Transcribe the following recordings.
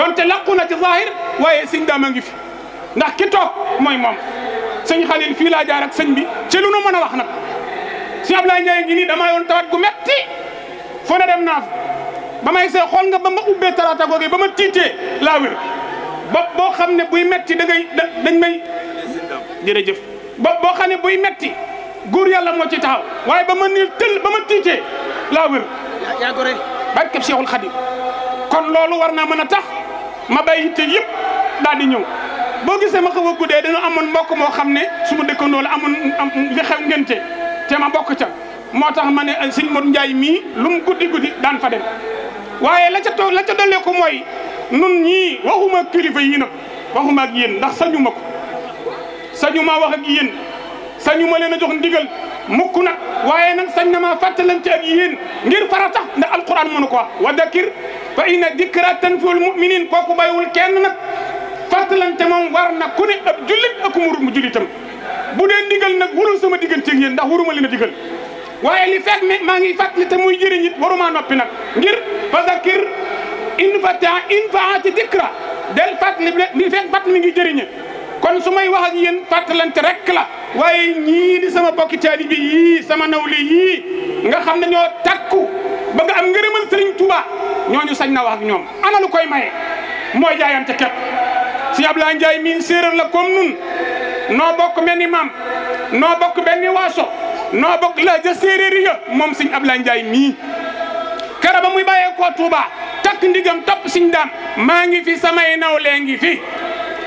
donte làqu na ci zahir waaye sëñ daam a ngi fi ndax ki toog mooy moom sëñ xalil fii laa jaar ak sëñ bi ci lu nu mën a wax nag sëñ Ablaye Ndiaye ngi nii damaa yoon tawat gu metti foo na dem naa fa ba may see xool nga ba ma ubbee talaata googu ba ma tiitee laa wér bopp boo xam ne buy metti da ngay dañ may jërëjëf bopp boo xam ne buy metti góor yàlla moo ci taxaw waaye ba ma nii tël ba ma tiitee laa wér barkeb Seexul Xadim kon loolu war naa mën a tax ma bàyyi te yëpp daal di ñëw boo gisee ma xaw a guddee dañoo amoon mbokk moo xam ne su ma dëkkandoo la amoon li xew ngénte te ma bokk ca moo tax ma ne sëñ Modou Ndiaye mii lu mu guddi guddi daan fa dem waaye la ca toog la ca dollee ko mooy nun ñii waxuma kilifa yii nag waxuma ak yéen ndax sañu ko sañu ma wax ak yéen sañu ma leen a jox ndigal mukk nag waaye nag sañ na ma maa fàttalante ak yéen ngir fara tax ndax alquran mënu ko wax wa dakir fa inna dikra tanful muminin kooku bàyyiwul kenn nag fàttalante moom war na ku ne ab jullit ak mu jullitam bu dee ndigal nag wulul sama digganteeg yéen ndax waruma leen a digal waaye li fekk me maa ngi fàttali te muy jëriñ it waruma noppi nag ngir fazakir in fata in faati dikra del fàttali li fekk bat mi ngi jëriñe kon su may wax ak yéen fàttalante rek la waaye ñii di sama bokki taalibi yii sama nawli yii nga xam ne ñoo takku ñooñu sañ na wax ñoom ana lu koy maye mooy jaayante képp si Abdoulaye miin séeréer la comme nun noo bokk mel ni noo bokk benn waaso noo bokk la ja séeréer ya moom sëñ Abdoulaye Ndiaye mii kera ba muy bàyyee koo Touba takk ndigam topp siñ daam maa ngi fi samay nawlee ngi fi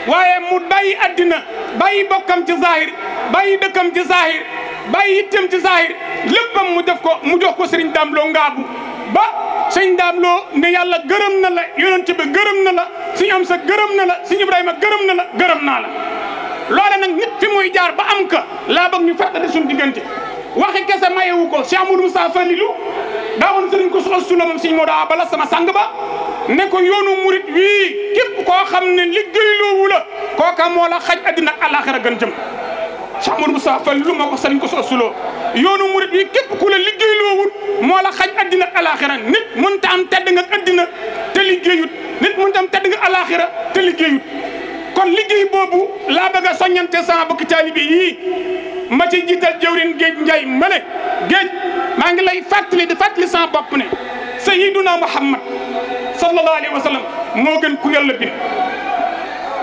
waaye mu bàyyi addina bàyyi bokkam ci zahir bàyyi dëkkam ci zahir bàyyi ittam ci zahir léppam mu def ko mu jox ko sëriñ daam loo sëñ daam loo ne yàlla gërëm na la yonent bi gërëm na la suñu am sa gërëm na la suñu Ibrahima gërëm na la gërëm naa la loole na nit fi muy jaar ba am ka laa bëgg ñu fàttali suñu diggante waxi kese mayewu ko Cheikh Amadou Moussa Falilou daawoon sëriñ ko su la moom sëñ moo daa bala sama sang ba ne ko yoonu murit wii képp koo xam ne liggéey loowu la kooka moo la xaj addina ak àllaaxira gën jëm chamour Amadou Moussa Fall lu ma ko sëriñ ko soo suloo yoonu murit bi képp ku la liggéeyloowul moo la xaj adina ak alaxira nit ta am tedd nga adina te liggéeyut nit ta am tedd nga alakhirah te liggéeyut kon liggéey bobu la bëgg a soññante sama bokki taalibe yii ma ci jital jëwrin géej njay mbale géej ma ngi lay fàttali di fàttali sa bop ne sayyiduna muhammad sallallahu alaihi wasallam mo gën ku yàlla bin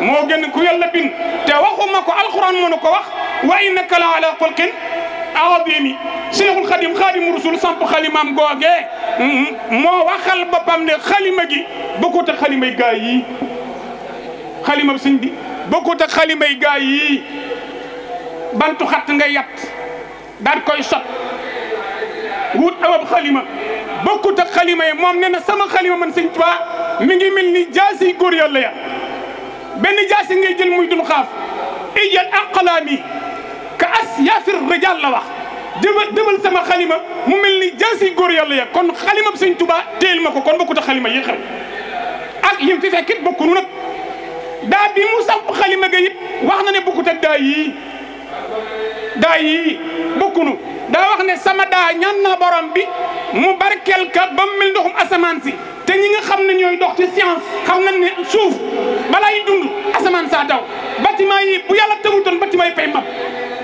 mo gën ku yàlla bin te waxuma ko alquran mo ko wax وإنك لعلى خلق عظيم سيغ الخادم خادم الرسول سامب خليم ام غوغي مو واخال بابام ني خليم جي بوكو تا خليم اي غاي خليم سيغ دي بوكو تا خليم اي غاي بانتو خات غا يات دار كوي سوت ووت اباب خليم بوكو تا خليم اي موم نينا سما خليم من سيغ توا ميغي ملني جاسي غور يالا بن جاسي ngay jël muy dul xaf ijal yaasir rijal la wax demal demal sama xalima mu mel ni jaasi góor yàlla ya kon xalimam sëñ Tuubaa téel ma ko kon bokkut a xalima yi xew ak yim fi fekkit bokkunu nag daa bi mu samp xalima ga it wax na ne bokkut ak daa yii daa yii bokkunu daa wax ne sama daa ñaan na borom bi mu barkel ka ba mu mel ndoxum asamaan si te ñi nga xam ne ñooy dox ci science xam nañ ne suuf balay dund asamaan saa taw bâtiment yi bu yàlla tawutoon bâtiment yi fay mab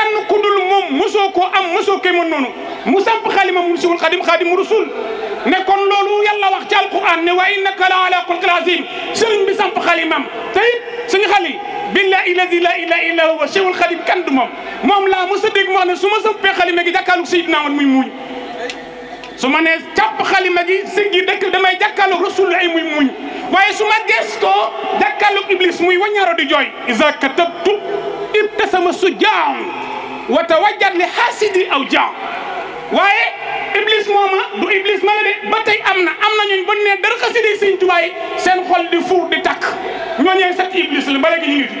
kenn ku dul moom mosoo koo am mosoo koy mën noonu mu samp xalima mu siwul xadim xadim rasul ne kon loolu yàlla wax ci alquran ne wa innaka la ala xulqil azim sëriñ bi samp xalimam te it suñu xali billahi lazi la ilaha illa huwa siwul xadim kan du moom moom laa mos a ne su ma sampee gi jàkkaalug sayidina Ahmad muy muñ su ma nee càpp xalima gi dëkk damay jàkkaalug rasul ay muy muñ waaye su ma gestoo iblis muy wañaaro di jooy iza katabtu ibtasama sujaam wa لحاسد li xaasidi aw jaa waaye iblis mooma du iblis ma امنا de ba tey am na am na سين ba ne dara دي sëñ Tuubaa yi seen xol di fuur di takk ñooñee set iblis la ba léegi ñu ngi fi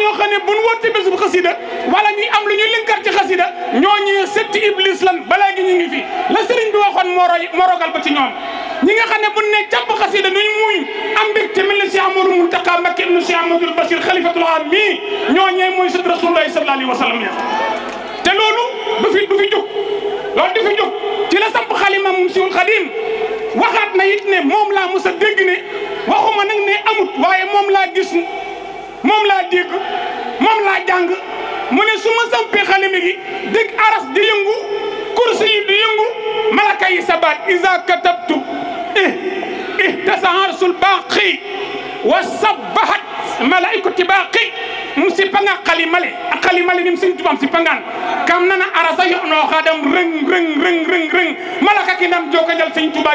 ñoo xam ne bu ñu wóor wala ñi am lu ñu linkar ci xasida ñi set iblis lan ba léegi ñi ngi fi la sëriñ bi waxon mo roy moo rogal ko ci ñoom ñi nga xam buñ ne ciap xasida duñ muñ مكة ابن سيام مدير بشير خليفة العالمي نيوني موي سيد رسول الله صلى الله عليه وسلم تلولو بفي بفي جو لو دي في جو تي لا سامب خليم ام سيو خليم واخات نا يت ني موم لا موسى ديغ ني واخوما نك ني اموت واي موم لا غيس موم لا ديغ موم لا جانغ موني سوما سامب خليم غي ديك اراس دي ينغو كرسي دي ينغو ملائكه يسبات اذا كتبت إيه إيه تسعى رسول باقي wa sabbahat malaikatu baqi mu sippanga kalimale a kalimale nim sin tubam sippangan kam nana arasa yo'no kadam reng reng reng reng reng malaka kinam jokajal sin tuba